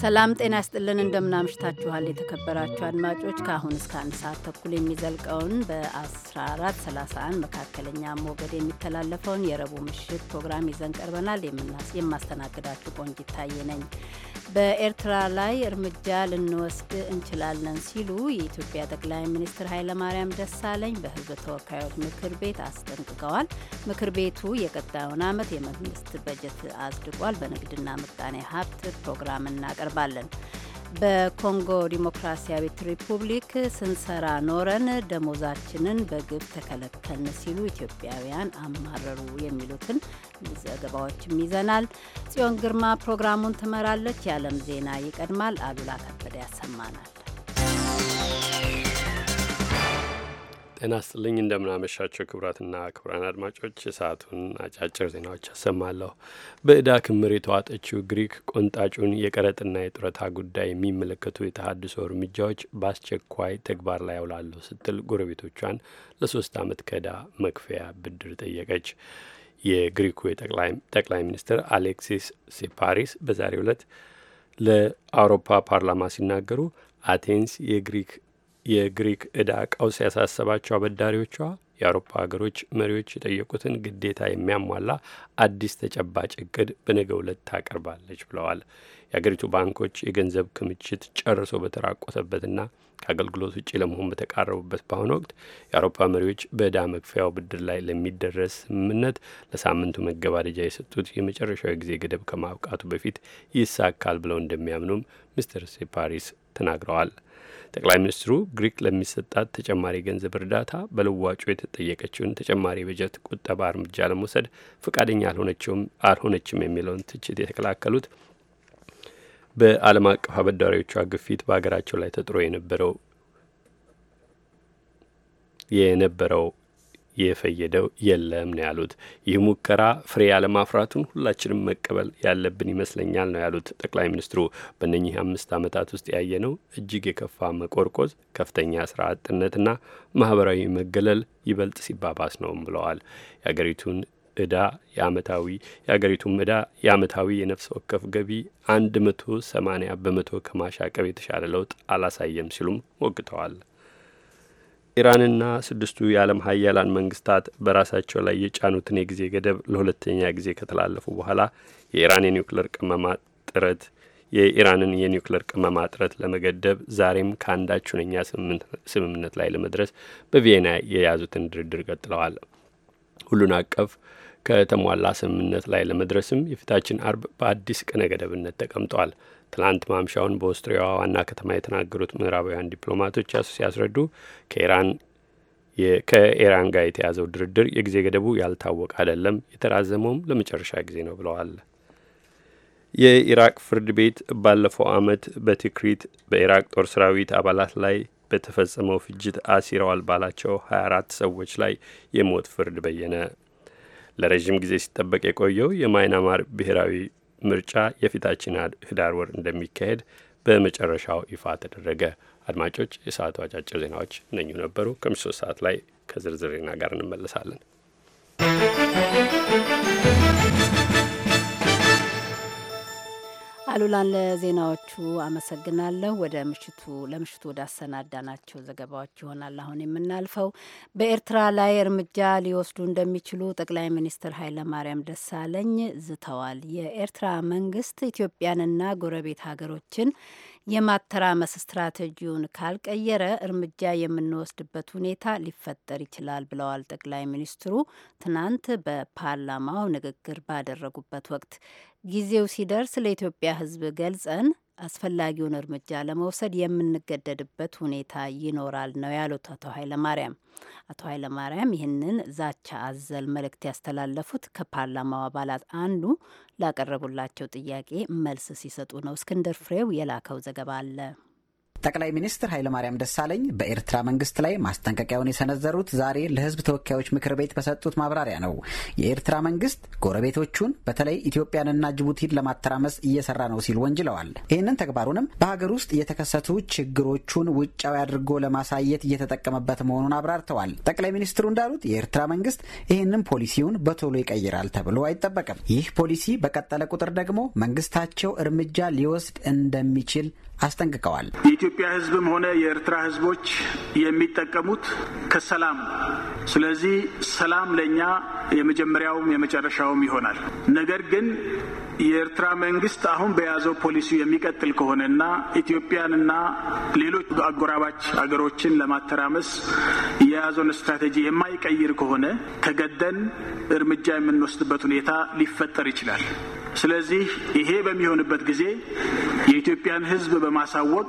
ሰላም ጤና ያስጥልን። እንደምናምሽታችኋል የተከበራችሁ አድማጮች ከአሁን እስከ አንድ ሰዓት ተኩል የሚዘልቀውን በ1431 መካከለኛ ሞገድ የሚተላለፈውን የረቡዕ ምሽት ፕሮግራም ይዘን ቀርበናል። የማስተናግዳችሁ ቆንጅ ታዬ ነኝ። በኤርትራ ላይ እርምጃ ልንወስድ እንችላለን ሲሉ የኢትዮጵያ ጠቅላይ ሚኒስትር ኃይለማርያም ደሳለኝ በሕዝብ ተወካዮች ምክር ቤት አስጠንቅቀዋል። ምክር ቤቱ የቀጣዩን ዓመት የመንግስት በጀት አጽድቋል። በንግድና ምጣኔ ሀብት ፕሮግራም እናቀርባለን። በኮንጎ ዲሞክራሲያዊት ሪፑብሊክ ስንሰራ ኖረን ደሞዛችንን በግብ ተከለከልን ሲሉ ኢትዮጵያውያን አማረሩ የሚሉትን ዘገባዎችም ይዘናል። ጽዮን ግርማ ፕሮግራሙን ትመራለች። የዓለም ዜና ይቀድማል። አሉላ ከበደ ያሰማናል። ጤና ስጥልኝ እንደምናመሻቸው ክቡራትና ክቡራን አድማጮች የሰዓቱን አጫጭር ዜናዎች ያሰማለሁ። በእዳ ክምር የተዋጠችው ግሪክ ቆንጣጩን የቀረጥና የጡረታ ጉዳይ የሚመለከቱ የተሃድሶ እርምጃዎች በአስቸኳይ ተግባር ላይ ያውላለሁ ስትል ጎረቤቶቿን ለሶስት ዓመት ከዳ መክፈያ ብድር ጠየቀች። የግሪኩ ጠቅላይ ሚኒስትር አሌክሲስ ሲፓሪስ በዛሬው ዕለት ለአውሮፓ ፓርላማ ሲናገሩ አቴንስ የግሪክ የግሪክ ዕዳ ቀውስ ያሳሰባቸው አበዳሪዎቿ የአውሮፓ ሀገሮች መሪዎች የጠየቁትን ግዴታ የሚያሟላ አዲስ ተጨባጭ እቅድ በነገ ዕለት ታቀርባለች ብለዋል። የአገሪቱ ባንኮች የገንዘብ ክምችት ጨርሶ በተራቆተበትና ከአገልግሎት ውጭ ለመሆን በተቃረቡበት በአሁኑ ወቅት የአውሮፓ መሪዎች በዕዳ መክፈያው ብድር ላይ ለሚደረስ ስምምነት ለሳምንቱ መገባደጃ የሰጡት የመጨረሻዊ ጊዜ ገደብ ከማብቃቱ በፊት ይሳካል ብለው እንደሚያምኑም ሚስተር ሴፓሪስ ተናግረዋል። ጠቅላይ ሚኒስትሩ ግሪክ ለሚሰጣት ተጨማሪ ገንዘብ እርዳታ በልዋጩ የተጠየቀችውን ተጨማሪ በጀት ቁጠባ እርምጃ ለመውሰድ ፈቃደኛ አልሆነችም የሚለውን ትችት የተከላከሉት በዓለም አቀፍ አበዳሪዎቿ ግፊት በሀገራቸው ላይ ተጥሮ የነበረው የነበረው የፈየደው የለም ነው ያሉት። ይህ ሙከራ ፍሬ ያለማፍራቱን ሁላችንም መቀበል ያለብን ይመስለኛል ነው ያሉት ጠቅላይ ሚኒስትሩ። በእነኚህ አምስት ዓመታት ውስጥ ያየነው እጅግ የከፋ መቆርቆዝ፣ ከፍተኛ ስራ አጥነትና ማህበራዊ መገለል ይበልጥ ሲባባስ ነውም ብለዋል። የአገሪቱን እዳ የአመታዊ የአገሪቱም እዳ የአመታዊ የነፍስ ወከፍ ገቢ አንድ መቶ ሰማኒያ በመቶ ከማሻቀብ የተሻለ ለውጥ አላሳየም ሲሉም ሞግተዋል። ኢራንና ስድስቱ የዓለም ሀያላን መንግስታት በራሳቸው ላይ የጫኑትን የጊዜ ገደብ ለሁለተኛ ጊዜ ከተላለፉ በኋላ የኢራን የኒውክሌር ቅመማ ጥረት የኢራንን የኒውክሌር ቅመማ ጥረት ለመገደብ ዛሬም ከአንዳች ሁነኛ ስምምነት ላይ ለመድረስ በቪየና የያዙትን ድርድር ቀጥለዋል። ሁሉን አቀፍ ከተሟላ ስምምነት ላይ ለመድረስም የፊታችን አርብ በአዲስ ቀነ ገደብነት ተቀምጧል። ትላንት ማምሻውን በኦስትሪያዋ ዋና ከተማ የተናገሩት ምዕራባውያን ዲፕሎማቶች ሲያስረዱ ከኢራን ከኢራን ጋር የተያዘው ድርድር የጊዜ ገደቡ ያልታወቀ አይደለም፣ የተራዘመውም ለመጨረሻ ጊዜ ነው ብለዋል። የኢራቅ ፍርድ ቤት ባለፈው ዓመት በትክሪት በኢራቅ ጦር ሰራዊት አባላት ላይ በተፈጸመው ፍጅት አሲረዋል ባላቸው 24 ሰዎች ላይ የሞት ፍርድ በየነ። ለረዥም ጊዜ ሲጠበቅ የቆየው የማይናማር ብሔራዊ ምርጫ የፊታችን ህዳር ወር እንደሚካሄድ በመጨረሻው ይፋ ተደረገ። አድማጮች፣ የሰዓቱ አጫጭር ዜናዎች እነኚሁ ነበሩ። ከምሽቱ ሶስት ሰዓት ላይ ከዝርዝር ዜና ጋር እንመለሳለን። አሉላን ለዜናዎቹ አመሰግናለሁ። ወደ ምሽቱ ለምሽቱ ወደ አሰናዳናቸው ዘገባዎች ይሆናል አሁን የምናልፈው። በኤርትራ ላይ እርምጃ ሊወስዱ እንደሚችሉ ጠቅላይ ሚኒስትር ኃይለማርያም ደሳለኝ ዝተዋል። የኤርትራ መንግስት ኢትዮጵያንና ጎረቤት ሀገሮችን የማተራመስ ስትራቴጂውን ካልቀየረ እርምጃ የምንወስድበት ሁኔታ ሊፈጠር ይችላል ብለዋል ጠቅላይ ሚኒስትሩ ትናንት በፓርላማው ንግግር ባደረጉበት ወቅት። ጊዜው ሲደርስ ለኢትዮጵያ ሕዝብ ገልጸን አስፈላጊውን እርምጃ ለመውሰድ የምንገደድበት ሁኔታ ይኖራል ነው ያሉት አቶ ኃይለማርያም። አቶ ኃይለማርያም ይህንን ዛቻ አዘል መልእክት ያስተላለፉት ከፓርላማው አባላት አንዱ ላቀረቡላቸው ጥያቄ መልስ ሲሰጡ ነው። እስክንድር ፍሬው የላከው ዘገባ አለ። ጠቅላይ ሚኒስትር ኃይለማርያም ደሳለኝ በኤርትራ መንግስት ላይ ማስጠንቀቂያውን የሰነዘሩት ዛሬ ለህዝብ ተወካዮች ምክር ቤት በሰጡት ማብራሪያ ነው። የኤርትራ መንግስት ጎረቤቶቹን በተለይ ኢትዮጵያንና ጅቡቲን ለማተራመስ እየሰራ ነው ሲል ወንጅለዋል። ይህንን ተግባሩንም በሀገር ውስጥ የተከሰቱ ችግሮቹን ውጫዊ አድርጎ ለማሳየት እየተጠቀመበት መሆኑን አብራርተዋል። ጠቅላይ ሚኒስትሩ እንዳሉት የኤርትራ መንግስት ይህንን ፖሊሲውን በቶሎ ይቀይራል ተብሎ አይጠበቅም። ይህ ፖሊሲ በቀጠለ ቁጥር ደግሞ መንግስታቸው እርምጃ ሊወስድ እንደሚችል አስጠንቅቀዋል። የኢትዮጵያ ሕዝብም ሆነ የኤርትራ ሕዝቦች የሚጠቀሙት ከሰላም ነው። ስለዚህ ሰላም ለእኛ የመጀመሪያውም የመጨረሻውም ይሆናል። ነገር ግን የኤርትራ መንግስት አሁን በያዘው ፖሊሲ የሚቀጥል ከሆነና ኢትዮጵያንና ሌሎች አጎራባች አገሮችን ለማተራመስ የያዘውን ስትራቴጂ የማይቀይር ከሆነ ተገደን እርምጃ የምንወስድበት ሁኔታ ሊፈጠር ይችላል። ስለዚህ ይሄ በሚሆንበት ጊዜ የኢትዮጵያን ሕዝብ በማሳወቅ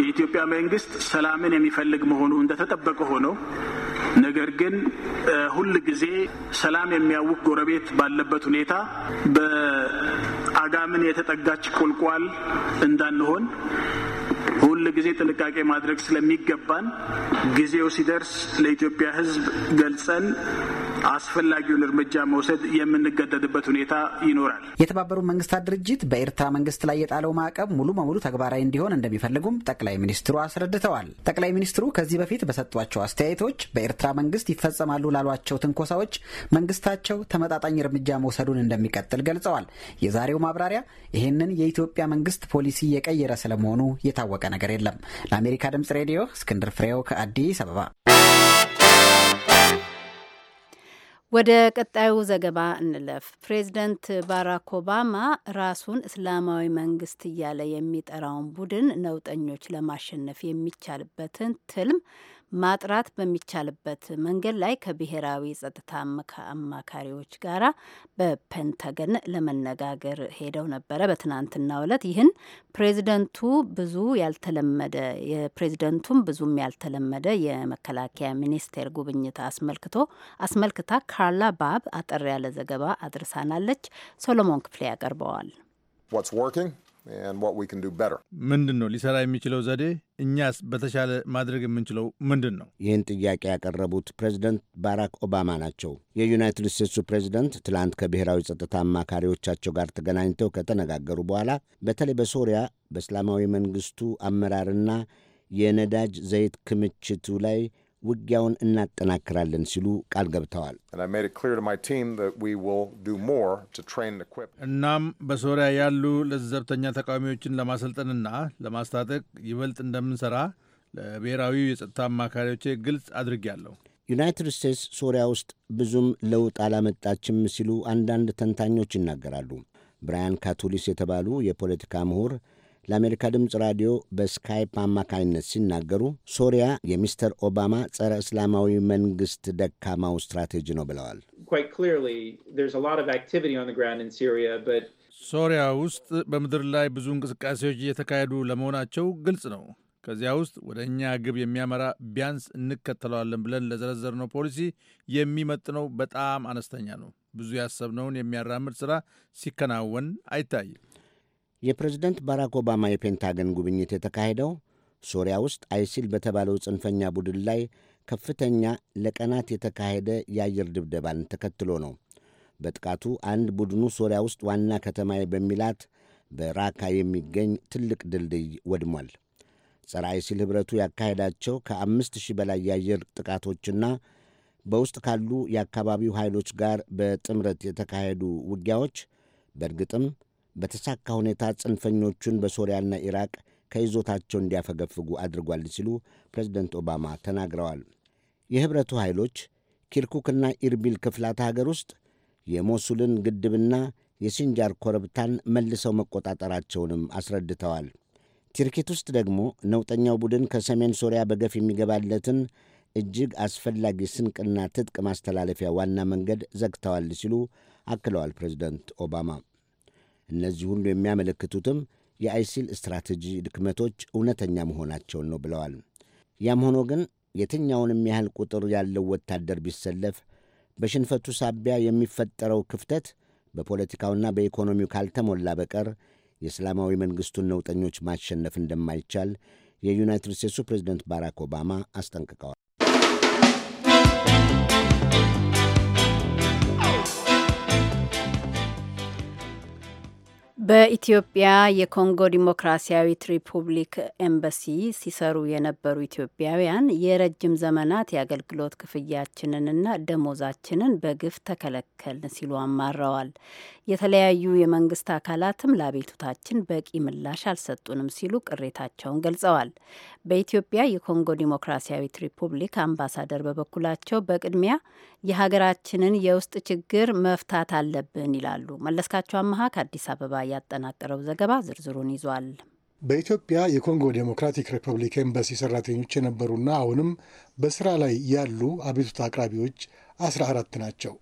የኢትዮጵያ መንግስት ሰላምን የሚፈልግ መሆኑ እንደተጠበቀ ሆነው ነገር ግን ሁል ጊዜ ሰላም የሚያውቅ ጎረቤት ባለበት ሁኔታ በአጋምን የተጠጋች ቁልቋል እንዳንሆን ሁል ጊዜ ጥንቃቄ ማድረግ ስለሚገባን ጊዜው ሲደርስ ለኢትዮጵያ ሕዝብ ገልጸን አስፈላጊውን እርምጃ መውሰድ የምንገደድበት ሁኔታ ይኖራል። የተባበሩት መንግስታት ድርጅት በኤርትራ መንግስት ላይ የጣለው ማዕቀብ ሙሉ በሙሉ ተግባራዊ እንዲሆን እንደሚፈልጉም ጠቅላይ ሚኒስትሩ አስረድተዋል። ጠቅላይ ሚኒስትሩ ከዚህ በፊት በሰጧቸው አስተያየቶች በኤርትራ መንግስት ይፈጸማሉ ላሏቸው ትንኮሳዎች መንግስታቸው ተመጣጣኝ እርምጃ መውሰዱን እንደሚቀጥል ገልጸዋል። የዛሬው ማብራሪያ ይህንን የኢትዮጵያ መንግስት ፖሊሲ የቀየረ ስለመሆኑ የታወቀ ነገር የለም። ለአሜሪካ ድምጽ ሬዲዮ እስክንድር ፍሬው ከአዲስ አበባ ወደ ቀጣዩ ዘገባ እንለፍ። ፕሬዚደንት ባራክ ኦባማ ራሱን እስላማዊ መንግስት እያለ የሚጠራውን ቡድን ነውጠኞች ለማሸነፍ የሚቻልበትን ትልም ማጥራት በሚቻልበት መንገድ ላይ ከብሔራዊ ጸጥታ አማካሪዎች ጋራ በፔንታገን ለመነጋገር ሄደው ነበረ በትናንትናው ዕለት። ይህን ፕሬዚደንቱ ብዙ ያልተለመደ የፕሬዚደንቱም ብዙም ያልተለመደ የመከላከያ ሚኒስቴር ጉብኝት አስመልክቶ አስመልክታ ካርላ ባብ አጠር ያለ ዘገባ አድርሳናለች። ሶሎሞን ክፍሌ ያቀርበዋል። ምንድን ነው ሊሰራ የሚችለው ዘዴ? እኛስ በተሻለ ማድረግ የምንችለው ምንድን ነው? ይህን ጥያቄ ያቀረቡት ፕሬዚደንት ባራክ ኦባማ ናቸው። የዩናይትድ ስቴትሱ ፕሬዚደንት ትላንት ከብሔራዊ ጸጥታ አማካሪዎቻቸው ጋር ተገናኝተው ከተነጋገሩ በኋላ በተለይ በሶሪያ በእስላማዊ መንግስቱ አመራርና የነዳጅ ዘይት ክምችቱ ላይ ውጊያውን እናጠናክራለን ሲሉ ቃል ገብተዋል። እናም በሶሪያ ያሉ ለዘብተኛ ተቃዋሚዎችን ለማሰልጠንና ለማስታጠቅ ይበልጥ እንደምንሰራ ለብሔራዊ የጸጥታ አማካሪዎቼ ግልጽ አድርጌያለሁ። ዩናይትድ ስቴትስ ሶሪያ ውስጥ ብዙም ለውጥ አላመጣችም ሲሉ አንዳንድ ተንታኞች ይናገራሉ። ብራያን ካቱሊስ የተባሉ የፖለቲካ ምሁር ለአሜሪካ ድምፅ ራዲዮ በስካይፕ አማካኝነት ሲናገሩ ሶሪያ የሚስተር ኦባማ ጸረ እስላማዊ መንግስት ደካማው ስትራቴጂ ነው ብለዋል። ሶሪያ ውስጥ በምድር ላይ ብዙ እንቅስቃሴዎች እየተካሄዱ ለመሆናቸው ግልጽ ነው። ከዚያ ውስጥ ወደ እኛ ግብ የሚያመራ ቢያንስ እንከተለዋለን ብለን ለዘረዘርነው ፖሊሲ የሚመጥነው በጣም አነስተኛ ነው። ብዙ ያሰብነውን የሚያራምድ ስራ ሲከናወን አይታይም። የፕሬዝደንት ባራክ ኦባማ የፔንታገን ጉብኝት የተካሄደው ሶሪያ ውስጥ አይሲል በተባለው ጽንፈኛ ቡድን ላይ ከፍተኛ ለቀናት የተካሄደ የአየር ድብደባን ተከትሎ ነው። በጥቃቱ አንድ ቡድኑ ሶሪያ ውስጥ ዋና ከተማ በሚላት በራካ የሚገኝ ትልቅ ድልድይ ወድሟል። ጸረ አይሲል ኅብረቱ ያካሄዳቸው ከአምስት ሺህ በላይ የአየር ጥቃቶችና በውስጥ ካሉ የአካባቢው ኃይሎች ጋር በጥምረት የተካሄዱ ውጊያዎች በእርግጥም በተሳካ ሁኔታ ጽንፈኞቹን በሶሪያና ኢራቅ ከይዞታቸው እንዲያፈገፍጉ አድርጓል ሲሉ ፕሬዝደንት ኦባማ ተናግረዋል። የኅብረቱ ኃይሎች ኪርኩክና ኢርቢል ክፍላት ሀገር ውስጥ የሞሱልን ግድብና የሲንጃር ኮረብታን መልሰው መቆጣጠራቸውንም አስረድተዋል። ቲርኪት ውስጥ ደግሞ ነውጠኛው ቡድን ከሰሜን ሶሪያ በገፍ የሚገባለትን እጅግ አስፈላጊ ስንቅና ትጥቅ ማስተላለፊያ ዋና መንገድ ዘግተዋል ሲሉ አክለዋል ፕሬዚደንት ኦባማ። እነዚህ ሁሉ የሚያመለክቱትም የአይሲል ስትራቴጂ ድክመቶች እውነተኛ መሆናቸውን ነው ብለዋል። ያም ሆኖ ግን የትኛውንም ያህል ቁጥር ያለው ወታደር ቢሰለፍ በሽንፈቱ ሳቢያ የሚፈጠረው ክፍተት በፖለቲካውና በኢኮኖሚው ካልተሞላ በቀር የእስላማዊ መንግሥቱን ነውጠኞች ማሸነፍ እንደማይቻል የዩናይትድ ስቴትሱ ፕሬዝደንት ባራክ ኦባማ አስጠንቅቀዋል። በኢትዮጵያ የኮንጎ ዲሞክራሲያዊት ሪፑብሊክ ኤምባሲ ሲሰሩ የነበሩ ኢትዮጵያውያን የረጅም ዘመናት የአገልግሎት ክፍያችንንና ደሞዛችንን በግፍ ተከለከልን ሲሉ አማረዋል። የተለያዩ የመንግስት አካላትም ለአቤቱታችን በቂ ምላሽ አልሰጡንም ሲሉ ቅሬታቸውን ገልጸዋል። በኢትዮጵያ የኮንጎ ዲሞክራሲያዊት ሪፑብሊክ አምባሳደር በበኩላቸው በቅድሚያ የሀገራችንን የውስጥ ችግር መፍታት አለብን ይላሉ። መለስካቸው አመሀ ከአዲስ አበባ ያጠናቀረው ዘገባ ዝርዝሩን ይዟል። በኢትዮጵያ የኮንጎ ዴሞክራቲክ ሪፐብሊክ ኤምባሲ ሰራተኞች የነበሩና አሁንም በስራ ላይ ያሉ አቤቱታ አቅራቢዎች 14 ናቸው።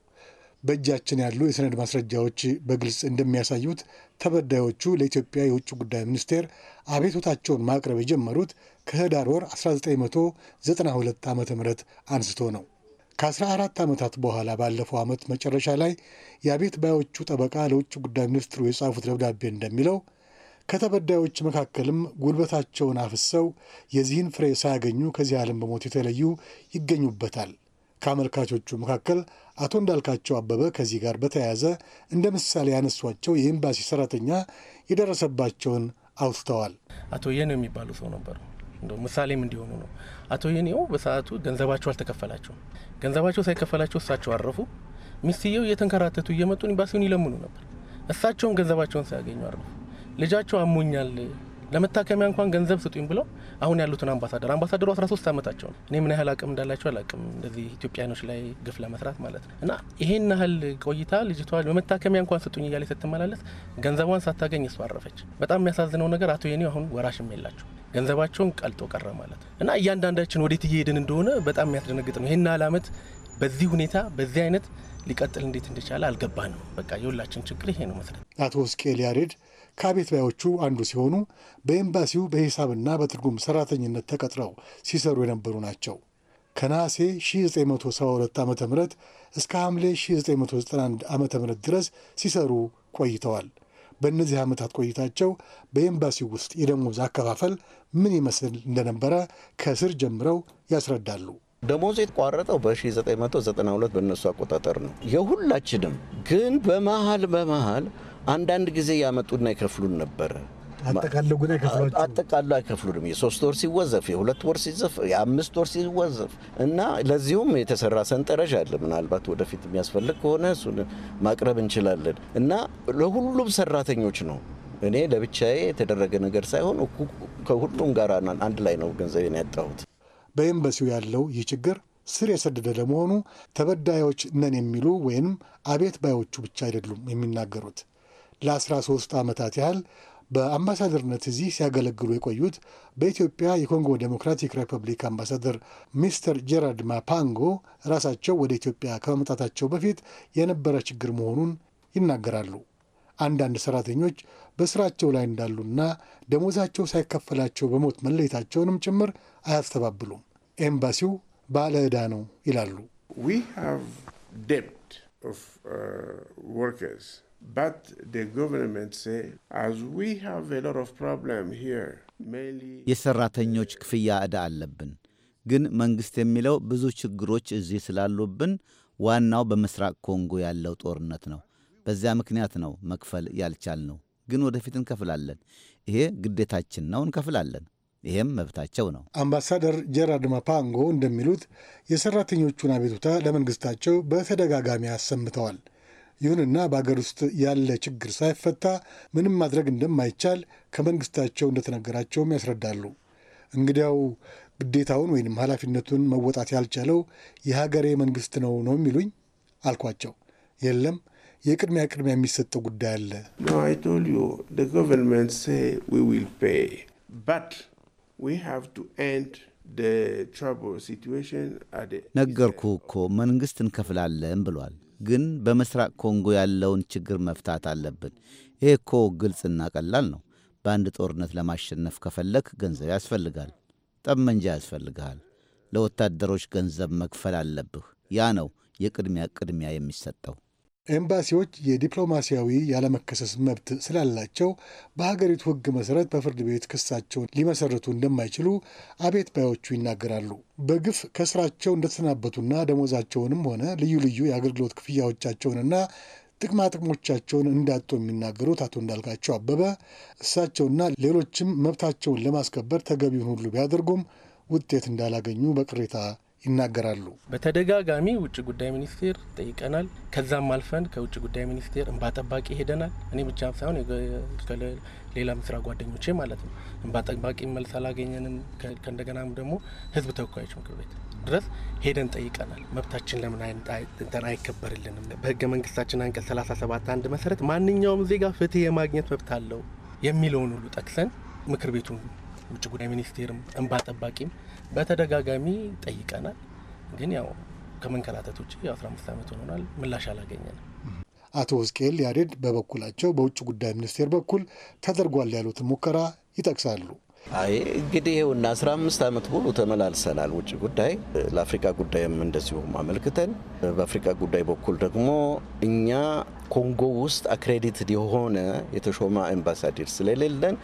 በእጃችን ያሉ የሰነድ ማስረጃዎች በግልጽ እንደሚያሳዩት ተበዳዮቹ ለኢትዮጵያ የውጭ ጉዳይ ሚኒስቴር አቤቱታቸውን ማቅረብ የጀመሩት ከህዳር ወር 1992 ዓ ም አንስቶ ነው። ከ14 ዓመታት በኋላ ባለፈው ዓመት መጨረሻ ላይ የአቤት ባዮቹ ጠበቃ ለውጭ ጉዳይ ሚኒስትሩ የጻፉት ደብዳቤ እንደሚለው ከተበዳዮች መካከልም ጉልበታቸውን አፍሰው የዚህን ፍሬ ሳያገኙ ከዚህ ዓለም በሞት የተለዩ ይገኙበታል። ከአመልካቾቹ መካከል አቶ እንዳልካቸው አበበ ከዚህ ጋር በተያያዘ እንደ ምሳሌ ያነሷቸው የኤምባሲ ሰራተኛ የደረሰባቸውን አውስተዋል። አቶ የነው የሚባሉ ሰው ነበሩ። እንደው ምሳሌም እንዲሆኑ ነው። አቶ የኔው በሰዓቱ ገንዘባቸው አልተከፈላቸውም። ገንዘባቸው ሳይከፈላቸው እሳቸው አረፉ። ሚስትየው እየተንከራተቱ እየመጡ ኤምባሲውን ይለምኑ ነበር። እሳቸውም ገንዘባቸውን ሳያገኙ አረፉ። ልጃቸው አሞኛል ለመታከሚያ እንኳን ገንዘብ ስጡኝ ብለው አሁን ያሉትን አምባሳደር አምባሳደሩ 13 ዓመታቸው ነው። እኔ ምን ያህል አቅም እንዳላቸው አላቅም፣ እንደዚህ ኢትዮጵያኖች ላይ ግፍ ለመስራት ማለት ነው። እና ይሄን ያህል ቆይታ ልጅቷ በመታከሚያ እንኳን ስጡኝ እያለ ስትመላለስ ገንዘቧን ሳታገኝ እሷ አረፈች። በጣም የሚያሳዝነው ነገር አቶ የኔው አሁን ወራሽም የላቸው ገንዘባቸውን ቀልጦ ቀረ ማለት ነው። እና እያንዳንዳችን ወዴት እየሄድን እንደሆነ በጣም የሚያስደነግጥ ነው። ይህን ያህል ዓመት በዚህ ሁኔታ በዚህ አይነት ሊቀጥል እንዴት እንደቻለ አልገባንም። በቃ የሁላችን ችግር ይሄ ነው መስለት አቶ እስቄል ያሬድ ከአቤት ባዮቹ አንዱ ሲሆኑ በኤምባሲው በሂሳብና በትርጉም ሰራተኝነት ተቀጥረው ሲሰሩ የነበሩ ናቸው። ከነሐሴ 1972 ዓ ም እስከ ሐምሌ 1991 ዓ ም ድረስ ሲሰሩ ቆይተዋል። በእነዚህ ዓመታት ቆይታቸው በኤምባሲው ውስጥ የደሞዝ አከፋፈል ምን ይመስል እንደነበረ ከስር ጀምረው ያስረዳሉ። ደሞዝ የተቋረጠው በ1992 በእነሱ አቆጣጠር ነው የሁላችንም። ግን በመሃል በመሃል አንዳንድ ጊዜ ያመጡና ይከፍሉን ነበረ። አጠቃለው ግን አይከፍሏቸው አጠቃለው አይከፍሉንም። የሶስት ወር ሲወዘፍ፣ የሁለት ወር ሲዘፍ፣ የአምስት ወር ሲወዘፍ እና ለዚሁም የተሰራ ሰንጠረዥ አለ። ምናልባት ወደፊት የሚያስፈልግ ከሆነ እሱን ማቅረብ እንችላለን እና ለሁሉም ሰራተኞች ነው። እኔ ለብቻዬ የተደረገ ነገር ሳይሆን ከሁሉም ጋር አንድ ላይ ነው ገንዘቤን ያጣሁት። በኤምባሲው ያለው ይህ ችግር ስር የሰደደ ለመሆኑ ተበዳዮች ነን የሚሉ ወይም አቤት ባዮቹ ብቻ አይደሉም የሚናገሩት ለ13 ዓመታት ያህል በአምባሳደርነት እዚህ ሲያገለግሉ የቆዩት በኢትዮጵያ የኮንጎ ዴሞክራቲክ ሪፐብሊክ አምባሳደር ሚስተር ጀራርድ ማፓንጎ ራሳቸው ወደ ኢትዮጵያ ከመምጣታቸው በፊት የነበረ ችግር መሆኑን ይናገራሉ። አንዳንድ ሰራተኞች በስራቸው ላይ እንዳሉና ደሞዛቸው ሳይከፈላቸው በሞት መለየታቸውንም ጭምር አያስተባብሉም። ኤምባሲው ባለ ዕዳ ነው ይላሉ። የሰራተኞች ክፍያ ዕዳ አለብን፣ ግን መንግሥት የሚለው ብዙ ችግሮች እዚህ ስላሉብን ዋናው በምሥራቅ ኮንጎ ያለው ጦርነት ነው። በዚያ ምክንያት ነው መክፈል ያልቻልነው፣ ግን ወደፊት እንከፍላለን። ይሄ ግዴታችን ነው፣ እንከፍላለን። ይሄም መብታቸው ነው። አምባሳደር ጀራርድ ማፓንጎ እንደሚሉት የሰራተኞቹን አቤቱታ ለመንግስታቸው በተደጋጋሚ አሰምተዋል። ይሁንና በአገር ውስጥ ያለ ችግር ሳይፈታ ምንም ማድረግ እንደማይቻል ከመንግስታቸው እንደተነገራቸውም ያስረዳሉ። እንግዲያው ግዴታውን ወይንም ኃላፊነቱን መወጣት ያልቻለው የሀገሬ መንግስት ነው ነው የሚሉኝ አልኳቸው። የለም የቅድሚያ ቅድሚያ የሚሰጠው ጉዳይ አለ። ነገርኩ እኮ መንግስት እንከፍላለን ብሏል። ግን በምስራቅ ኮንጎ ያለውን ችግር መፍታት አለብን። ይህ እኮ ግልጽና ቀላል ነው። በአንድ ጦርነት ለማሸነፍ ከፈለክ ገንዘብ ያስፈልጋል፣ ጠመንጃ ያስፈልግሃል፣ ለወታደሮች ገንዘብ መክፈል አለብህ። ያ ነው የቅድሚያ ቅድሚያ የሚሰጠው። ኤምባሲዎች የዲፕሎማሲያዊ ያለመከሰስ መብት ስላላቸው በሀገሪቱ ሕግ መሰረት በፍርድ ቤት ክሳቸውን ሊመሰረቱ እንደማይችሉ አቤት ባዮቹ ይናገራሉ። በግፍ ከስራቸው እንደተሰናበቱና ደሞዛቸውንም ሆነ ልዩ ልዩ የአገልግሎት ክፍያዎቻቸውንና ጥቅማ ጥቅሞቻቸውን እንዳጡ የሚናገሩት አቶ እንዳልካቸው አበበ እሳቸውና ሌሎችም መብታቸውን ለማስከበር ተገቢውን ሁሉ ቢያደርጉም ውጤት እንዳላገኙ በቅሬታ ይናገራሉ። በተደጋጋሚ ውጭ ጉዳይ ሚኒስቴር ጠይቀናል። ከዛም አልፈን ከውጭ ጉዳይ ሚኒስቴር እንባ ጠባቂ ሄደናል። እኔ ብቻ ሳይሆን ሌላ ምስራ ጓደኞቼ ማለት ነው። እንባ ጠባቂ መልስ አላገኘንም። ከእንደገና ደግሞ ህዝብ ተወካዮች ምክር ቤት ድረስ ሄደን ጠይቀናል። መብታችን ለምን እንትን አይከበርልንም? በህገ መንግስታችን አንቀጽ 37 አንድ መሰረት ማንኛውም ዜጋ ፍትህ የማግኘት መብት አለው የሚለውን ሁሉ ጠቅሰን ምክር ቤቱን ውጭ ጉዳይ ሚኒስቴርም እንባ ጠባቂም በተደጋጋሚ ጠይቀናል። ግን ያው ከመንከላተት ውጭ 15 ዓመት ሆኖናል፣ ምላሽ አላገኘንም። አቶ ሕዝቅኤል ያሬድ በበኩላቸው በውጭ ጉዳይ ሚኒስቴር በኩል ተደርጓል ያሉትን ሙከራ ይጠቅሳሉ። አይ እንግዲህ ይኸውና 15 ዓመት ሙሉ ተመላልሰናል። ውጭ ጉዳይ ለአፍሪካ ጉዳይም እንደዚሁ አመልክተን በአፍሪካ ጉዳይ በኩል ደግሞ እኛ ኮንጎ ውስጥ አክሬዲት የሆነ የተሾመ አምባሳደር ስለሌለን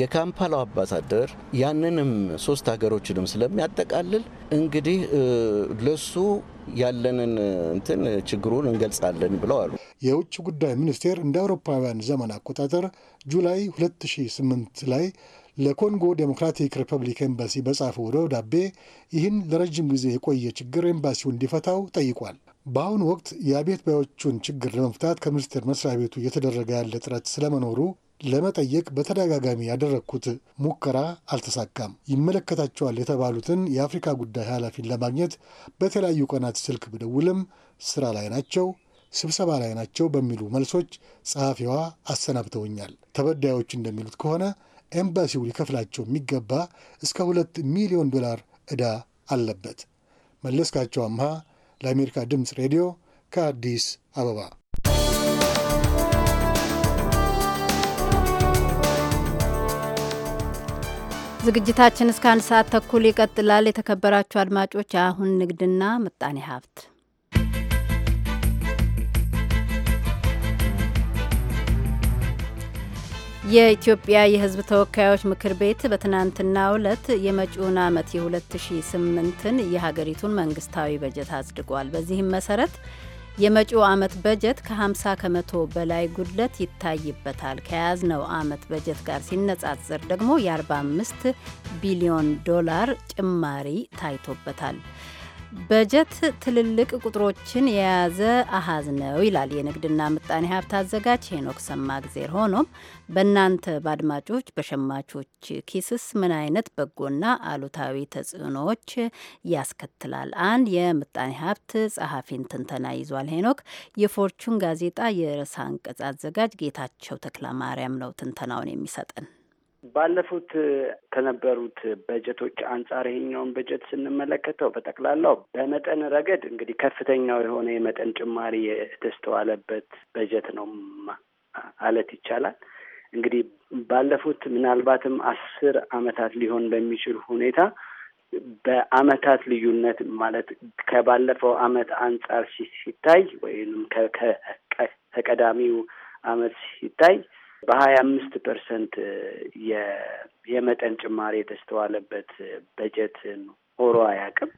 የካምፓላው አምባሳደር ያንንም ሶስት ሀገሮችንም ስለሚያጠቃልል እንግዲህ ለሱ ያለንን እንትን ችግሩን እንገልጻለን ብለው አሉ። የውጭ ጉዳይ ሚኒስቴር እንደ አውሮፓውያን ዘመን አቆጣጠር ጁላይ 2008 ላይ ለኮንጎ ዴሞክራቲክ ሪፐብሊክ ኤምባሲ በጻፈው ደብዳቤ ይህን ለረጅም ጊዜ የቆየ ችግር ኤምባሲው እንዲፈታው ጠይቋል። በአሁኑ ወቅት የአቤት ባዮቹን ችግር ለመፍታት ከሚኒስቴር መስሪያ ቤቱ እየተደረገ ያለ ጥረት ስለመኖሩ ለመጠየቅ በተደጋጋሚ ያደረግኩት ሙከራ አልተሳካም። ይመለከታቸዋል የተባሉትን የአፍሪካ ጉዳይ ኃላፊን ለማግኘት በተለያዩ ቀናት ስልክ ብደውልም ስራ ላይ ናቸው ስብሰባ ላይ ናቸው በሚሉ መልሶች ጸሐፊዋ አሰናብተውኛል። ተበዳዮች እንደሚሉት ከሆነ ኤምባሲው ሊከፍላቸው የሚገባ እስከ ሁለት ሚሊዮን ዶላር ዕዳ አለበት። መለስካቸው አምሃ ለአሜሪካ ድምፅ ሬዲዮ ከአዲስ አበባ። ዝግጅታችን እስከ አንድ ሰዓት ተኩል ይቀጥላል። የተከበራችሁ አድማጮች፣ አሁን ንግድና ምጣኔ ሀብት የኢትዮጵያ የሕዝብ ተወካዮች ምክር ቤት በትናንትናው ዕለት የመጪውን ዓመት የ2008ን የሀገሪቱን መንግስታዊ በጀት አጽድቋል። በዚህም መሰረት የመጪው ዓመት በጀት ከ50 ከመቶ በላይ ጉድለት ይታይበታል። ከያዝነው ዓመት በጀት ጋር ሲነጻጸር ደግሞ የ45 ቢሊዮን ዶላር ጭማሪ ታይቶበታል። በጀት ትልልቅ ቁጥሮችን የያዘ አሀዝ ነው ይላል የንግድና ምጣኔ ሀብት አዘጋጅ ሄኖክ ሰማግዜር። ሆኖም በእናንተ በአድማጮች በሸማቾች ኪስስ ምን አይነት በጎና አሉታዊ ተጽዕኖዎች ያስከትላል? አንድ የምጣኔ ሀብት ጸሐፊን ትንተና ይዟል ሄኖክ። የፎርቹን ጋዜጣ የርዕሰ አንቀጽ አዘጋጅ ጌታቸው ተክለማርያም ነው ትንተናውን የሚሰጠን። ባለፉት ከነበሩት በጀቶች አንጻር ይሄኛውን በጀት ስንመለከተው በጠቅላላው በመጠን ረገድ እንግዲህ ከፍተኛው የሆነ የመጠን ጭማሪ የተስተዋለበት በጀት ነው ማለት ይቻላል። እንግዲህ ባለፉት ምናልባትም አስር አመታት ሊሆን በሚችል ሁኔታ በአመታት ልዩነት ማለት ከባለፈው አመት አንጻር ሲታይ ወይም ከቀዳሚው አመት ሲታይ በሀያ አምስት ፐርሰንት የመጠን ጭማሪ የተስተዋለበት በጀት ሆሮ አያውቅም።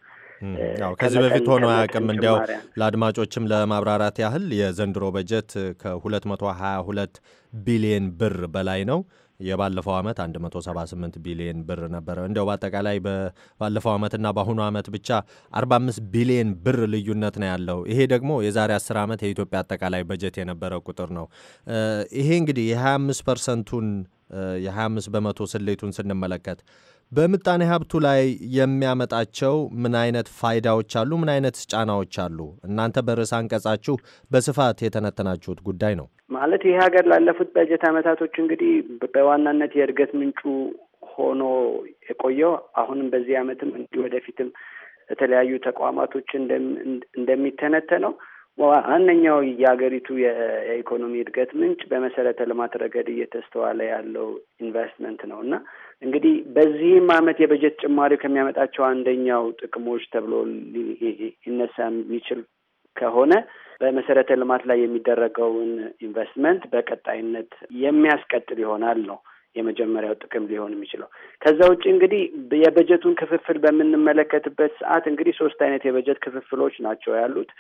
ከዚህ በፊት ሆኖ አያውቅም። እንዲያው ለአድማጮችም ለማብራራት ያህል የዘንድሮ በጀት ከሁለት መቶ ሀያ ሁለት ቢሊየን ብር በላይ ነው። የባለፈው ዓመት 178 ቢሊየን ብር ነበረ። እንደው በአጠቃላይ ባለፈው ዓመትና በአሁኑ ዓመት ብቻ 45 ቢሊየን ብር ልዩነት ነው ያለው። ይሄ ደግሞ የዛሬ 10 ዓመት የኢትዮጵያ አጠቃላይ በጀት የነበረ ቁጥር ነው። ይሄ እንግዲህ የ25 ፐርሰንቱን የ25 በመቶ ስሌቱን ስንመለከት በምጣኔ ሀብቱ ላይ የሚያመጣቸው ምን አይነት ፋይዳዎች አሉ? ምን አይነት ጫናዎች አሉ? እናንተ በርዕስ አንቀጻችሁ በስፋት የተነተናችሁት ጉዳይ ነው። ማለት ይህ ሀገር ላለፉት በጀት ዓመታቶች እንግዲህ በዋናነት የእድገት ምንጩ ሆኖ የቆየው አሁንም በዚህ ዓመትም እንዲህ ወደፊትም የተለያዩ ተቋማቶች እንደሚተነተነው ዋነኛው የሀገሪቱ የኢኮኖሚ እድገት ምንጭ በመሰረተ ልማት ረገድ እየተስተዋለ ያለው ኢንቨስትመንት ነው እና እንግዲህ በዚህም ዓመት የበጀት ጭማሪ ከሚያመጣቸው አንደኛው ጥቅሞች ተብሎ ሊነሳ የሚችል ከሆነ በመሰረተ ልማት ላይ የሚደረገውን ኢንቨስትመንት በቀጣይነት የሚያስቀጥል ይሆናል ነው የመጀመሪያው ጥቅም ሊሆን የሚችለው። ከዛ ውጭ እንግዲህ የበጀቱን ክፍፍል በምንመለከትበት ሰዓት እንግዲህ ሶስት አይነት የበጀት ክፍፍሎች ናቸው ያሉት።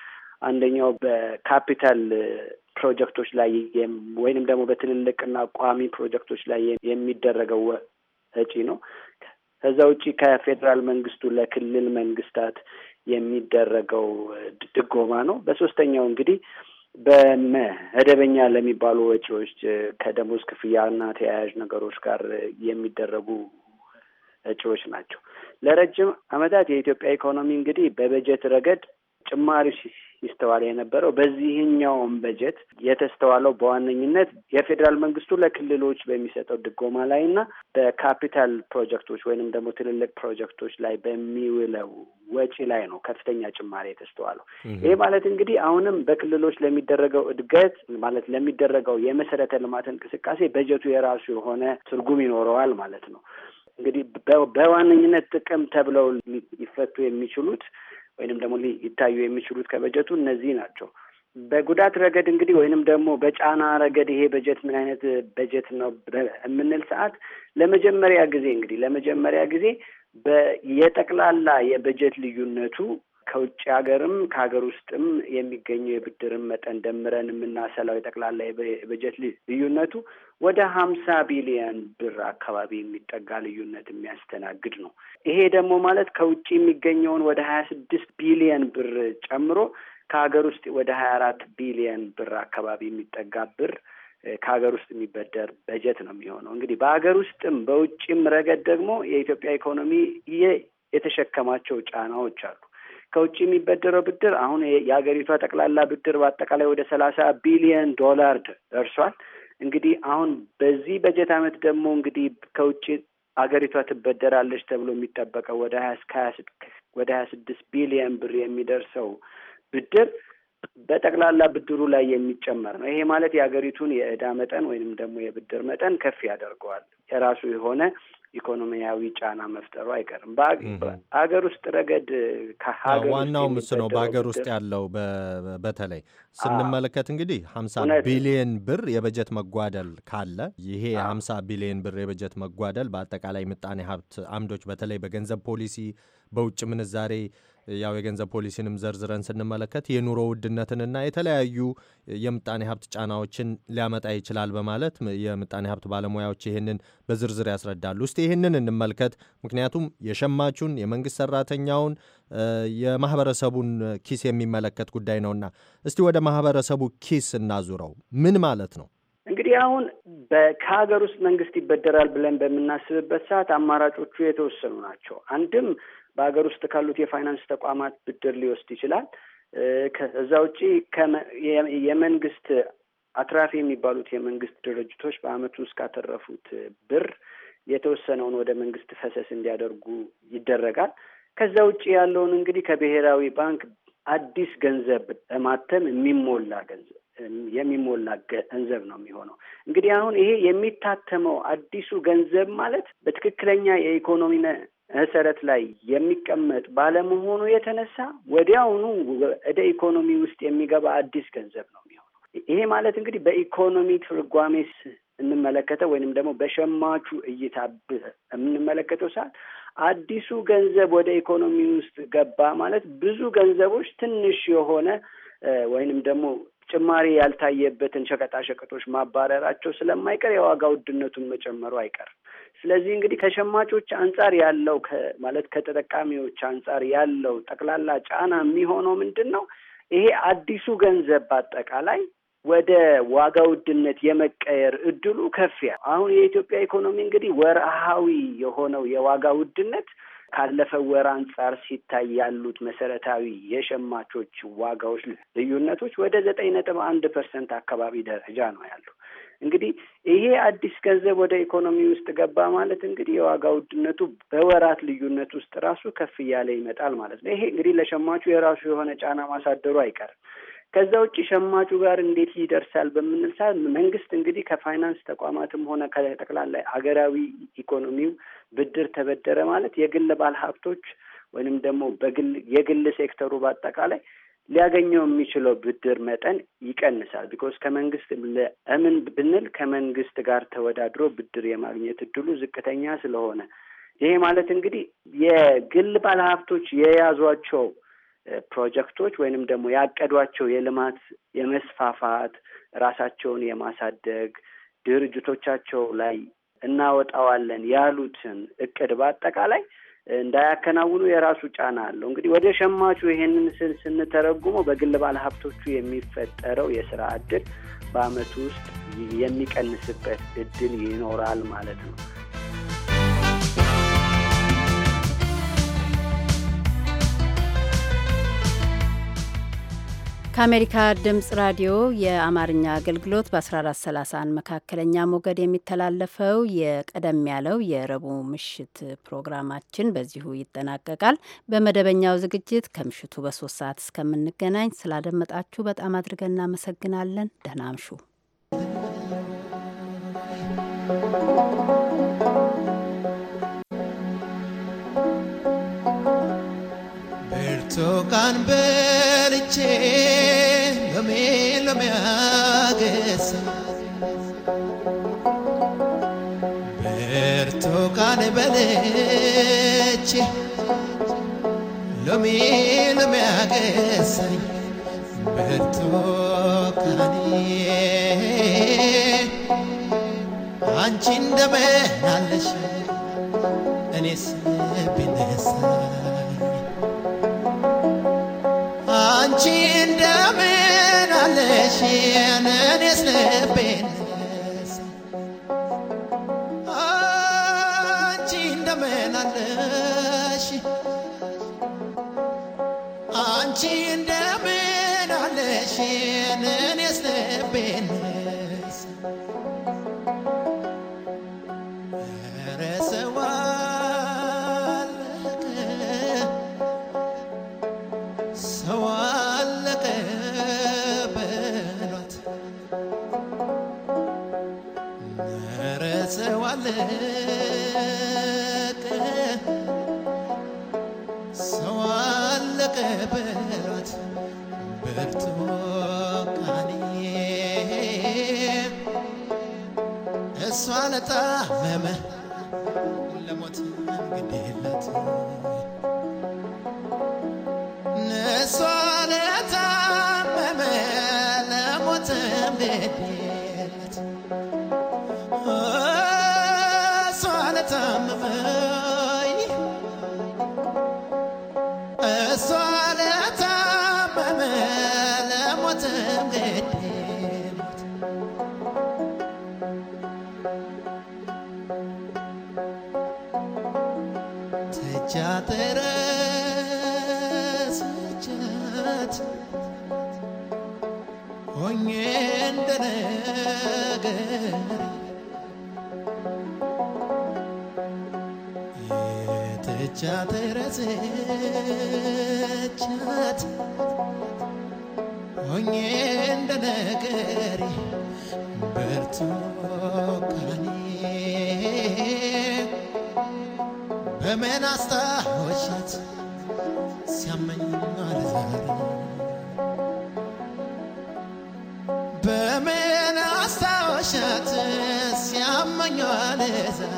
አንደኛው በካፒታል ፕሮጀክቶች ላይ ወይንም ደግሞ በትልልቅና ቋሚ ፕሮጀክቶች ላይ የሚደረገው ወጪ ነው። ከዛ ውጭ ከፌዴራል መንግስቱ ለክልል መንግስታት የሚደረገው ድጎማ ነው። በሶስተኛው እንግዲህ በመደበኛ ለሚባሉ ወጪዎች ከደሞዝ ክፍያና ተያያዥ ነገሮች ጋር የሚደረጉ ወጪዎች ናቸው። ለረጅም ዓመታት የኢትዮጵያ ኢኮኖሚ እንግዲህ በበጀት ረገድ ጭማሪ ይስተዋል የነበረው በዚህኛውም በጀት የተስተዋለው በዋነኝነት የፌዴራል መንግስቱ ለክልሎች በሚሰጠው ድጎማ ላይ እና በካፒታል ፕሮጀክቶች ወይንም ደግሞ ትልልቅ ፕሮጀክቶች ላይ በሚውለው ወጪ ላይ ነው ከፍተኛ ጭማሪ የተስተዋለው። ይህ ማለት እንግዲህ አሁንም በክልሎች ለሚደረገው እድገት ማለት ለሚደረገው የመሰረተ ልማት እንቅስቃሴ በጀቱ የራሱ የሆነ ትርጉም ይኖረዋል ማለት ነው። እንግዲህ በዋነኝነት ጥቅም ተብለው ሊፈቱ የሚችሉት ወይንም ደግሞ ሊታዩ የሚችሉት ከበጀቱ እነዚህ ናቸው። በጉዳት ረገድ እንግዲህ ወይንም ደግሞ በጫና ረገድ ይሄ በጀት ምን አይነት በጀት ነው የምንል ሰዓት ለመጀመሪያ ጊዜ እንግዲህ ለመጀመሪያ ጊዜ የጠቅላላ የበጀት ልዩነቱ ከውጭ ሀገርም ከሀገር ውስጥም የሚገኘው የብድርን መጠን ደምረን የምናሰላው የጠቅላላ የበጀት ልዩነቱ ወደ ሀምሳ ቢሊየን ብር አካባቢ የሚጠጋ ልዩነት የሚያስተናግድ ነው። ይሄ ደግሞ ማለት ከውጭ የሚገኘውን ወደ ሀያ ስድስት ቢሊየን ብር ጨምሮ ከሀገር ውስጥ ወደ ሀያ አራት ቢሊየን ብር አካባቢ የሚጠጋ ብር ከሀገር ውስጥ የሚበደር በጀት ነው የሚሆነው። እንግዲህ በሀገር ውስጥም በውጭም ረገድ ደግሞ የኢትዮጵያ ኢኮኖሚ የተሸከማቸው ጫናዎች አሉ። ከውጭ የሚበደረው ብድር አሁን የሀገሪቷ ጠቅላላ ብድር በአጠቃላይ ወደ ሰላሳ ቢሊየን ዶላር ደርሷል። እንግዲህ አሁን በዚህ በጀት ዓመት ደግሞ እንግዲህ ከውጭ አገሪቷ ትበደራለች ተብሎ የሚጠበቀው ወደ ሀያ ወደ ሀያ ስድስት ቢሊየን ብር የሚደርሰው ብድር በጠቅላላ ብድሩ ላይ የሚጨመር ነው። ይሄ ማለት የሀገሪቱን የእዳ መጠን ወይንም ደግሞ የብድር መጠን ከፍ ያደርገዋል። የራሱ የሆነ ኢኮኖሚያዊ ጫና መፍጠሩ አይቀርም። በሀገር ውስጥ ረገድ ዋናው ምስ ነው። በሀገር ውስጥ ያለው በተለይ ስንመለከት እንግዲህ ሀምሳ ቢሊየን ብር የበጀት መጓደል ካለ ይሄ ሀምሳ ቢሊየን ብር የበጀት መጓደል በአጠቃላይ ምጣኔ ሀብት አምዶች በተለይ በገንዘብ ፖሊሲ፣ በውጭ ምንዛሬ ያው የገንዘብ ፖሊሲንም ዘርዝረን ስንመለከት የኑሮ ውድነትንና የተለያዩ የምጣኔ ሀብት ጫናዎችን ሊያመጣ ይችላል በማለት የምጣኔ ሀብት ባለሙያዎች ይህንን በዝርዝር ያስረዳሉ። እስቲ ይህንን እንመልከት። ምክንያቱም የሸማቹን፣ የመንግስት ሰራተኛውን፣ የማህበረሰቡን ኪስ የሚመለከት ጉዳይ ነውና እስቲ ወደ ማህበረሰቡ ኪስ እናዙረው። ምን ማለት ነው? እንግዲህ አሁን ከሀገር ውስጥ መንግስት ይበደራል ብለን በምናስብበት ሰዓት አማራጮቹ የተወሰኑ ናቸው። አንድም በሀገር ውስጥ ካሉት የፋይናንስ ተቋማት ብድር ሊወስድ ይችላል። ከዛ ውጪ የመንግስት አትራፊ የሚባሉት የመንግስት ድርጅቶች በአመቱ ውስጥ ካተረፉት ብር የተወሰነውን ወደ መንግስት ፈሰስ እንዲያደርጉ ይደረጋል። ከዛ ውጭ ያለውን እንግዲህ ከብሔራዊ ባንክ አዲስ ገንዘብ በማተም የሚሞላ ገንዘብ የሚሞላ ገንዘብ ነው የሚሆነው። እንግዲህ አሁን ይሄ የሚታተመው አዲሱ ገንዘብ ማለት በትክክለኛ የኢኮኖሚ መሰረት ላይ የሚቀመጥ ባለመሆኑ የተነሳ ወዲያውኑ ወደ ኢኮኖሚ ውስጥ የሚገባ አዲስ ገንዘብ ነው የሚሆነው። ይሄ ማለት እንግዲህ በኢኮኖሚ ትርጓሜ እንመለከተው ወይንም ደግሞ በሸማቹ እይታ የምንመለከተው ሰዓት አዲሱ ገንዘብ ወደ ኢኮኖሚ ውስጥ ገባ ማለት ብዙ ገንዘቦች ትንሽ የሆነ ወይንም ደግሞ ጭማሪ ያልታየበትን ሸቀጣሸቀጦች ማባረራቸው ስለማይቀር የዋጋ ውድነቱን መጨመሩ አይቀርም። ስለዚህ እንግዲህ ከሸማቾች አንጻር ያለው ማለት ከተጠቃሚዎች አንጻር ያለው ጠቅላላ ጫና የሚሆነው ምንድን ነው? ይሄ አዲሱ ገንዘብ በአጠቃላይ ወደ ዋጋ ውድነት የመቀየር እድሉ ከፍ ያለ። አሁን የኢትዮጵያ ኢኮኖሚ እንግዲህ ወርሃዊ የሆነው የዋጋ ውድነት ካለፈው ወር አንጻር ሲታይ ያሉት መሰረታዊ የሸማቾች ዋጋዎች ልዩነቶች ወደ ዘጠኝ ነጥብ አንድ ፐርሰንት አካባቢ ደረጃ ነው ያሉ። እንግዲህ ይሄ አዲስ ገንዘብ ወደ ኢኮኖሚ ውስጥ ገባ ማለት እንግዲህ የዋጋ ውድነቱ በወራት ልዩነት ውስጥ ራሱ ከፍ እያለ ይመጣል ማለት ነው። ይሄ እንግዲህ ለሸማቹ የራሱ የሆነ ጫና ማሳደሩ አይቀርም። ከዛ ውጭ ሸማቹ ጋር እንዴት ይደርሳል በምንል ሳ መንግስት እንግዲህ ከፋይናንስ ተቋማትም ሆነ ከጠቅላላ ሀገራዊ ኢኮኖሚው ብድር ተበደረ ማለት የግል ባለሀብቶች ወይንም ደግሞ በግል የግል ሴክተሩ በአጠቃላይ ሊያገኘው የሚችለው ብድር መጠን ይቀንሳል። ቢኮዝ ከመንግስት ለምን ብንል ከመንግስት ጋር ተወዳድሮ ብድር የማግኘት እድሉ ዝቅተኛ ስለሆነ ይሄ ማለት እንግዲህ የግል ባለሀብቶች የያዟቸው ፕሮጀክቶች ወይንም ደግሞ ያቀዷቸው የልማት የመስፋፋት ራሳቸውን የማሳደግ ድርጅቶቻቸው ላይ እናወጣዋለን ያሉትን እቅድ በአጠቃላይ እንዳያከናውኑ የራሱ ጫና አለው። እንግዲህ ወደ ሸማቹ ይሄንን ስል ስንተረጉመው በግል ባለሀብቶቹ የሚፈጠረው የስራ እድል በአመቱ ውስጥ የሚቀንስበት እድል ይኖራል ማለት ነው። ከአሜሪካ ድምፅ ራዲዮ የአማርኛ አገልግሎት በ 1430 መካከለኛ ሞገድ የሚተላለፈው የቀደም ያለው የረቡዕ ምሽት ፕሮግራማችን በዚሁ ይጠናቀቃል። በመደበኛው ዝግጅት ከምሽቱ በሶስት ሰዓት እስከምንገናኝ ስላደመጣችሁ በጣም አድርገን እናመሰግናለን። ደህና አምሹ። ሶቃን በልቼ ሎሜ ሎሜ አገሳ ብርቱካን በልቼ ሎሜ ሎሜ አገሳኝ ብርቱካኔ አንቺ እንደምን አለሽ እኔስ ብነሳ አንቺ እንደምን አለሽ የእኔስ ልቤን አንቺ እንደምን አለሽ አንቺ እንደምን አለሽ የእኔስ ልቤን ስለታመመ ለሞት እንግድ የለት ንሷ ለታመመ ለሞት እንግድ ሲያተረሰቻት ሆኜ እንደ ነገር የተቻተረሰቻት ሆኜ እንደ በርቱ ካኔ ህመን አስታወሻት ሲያመኝ አልዛሬ በምን አስታወሻት ሲያመኝ አልዛሬ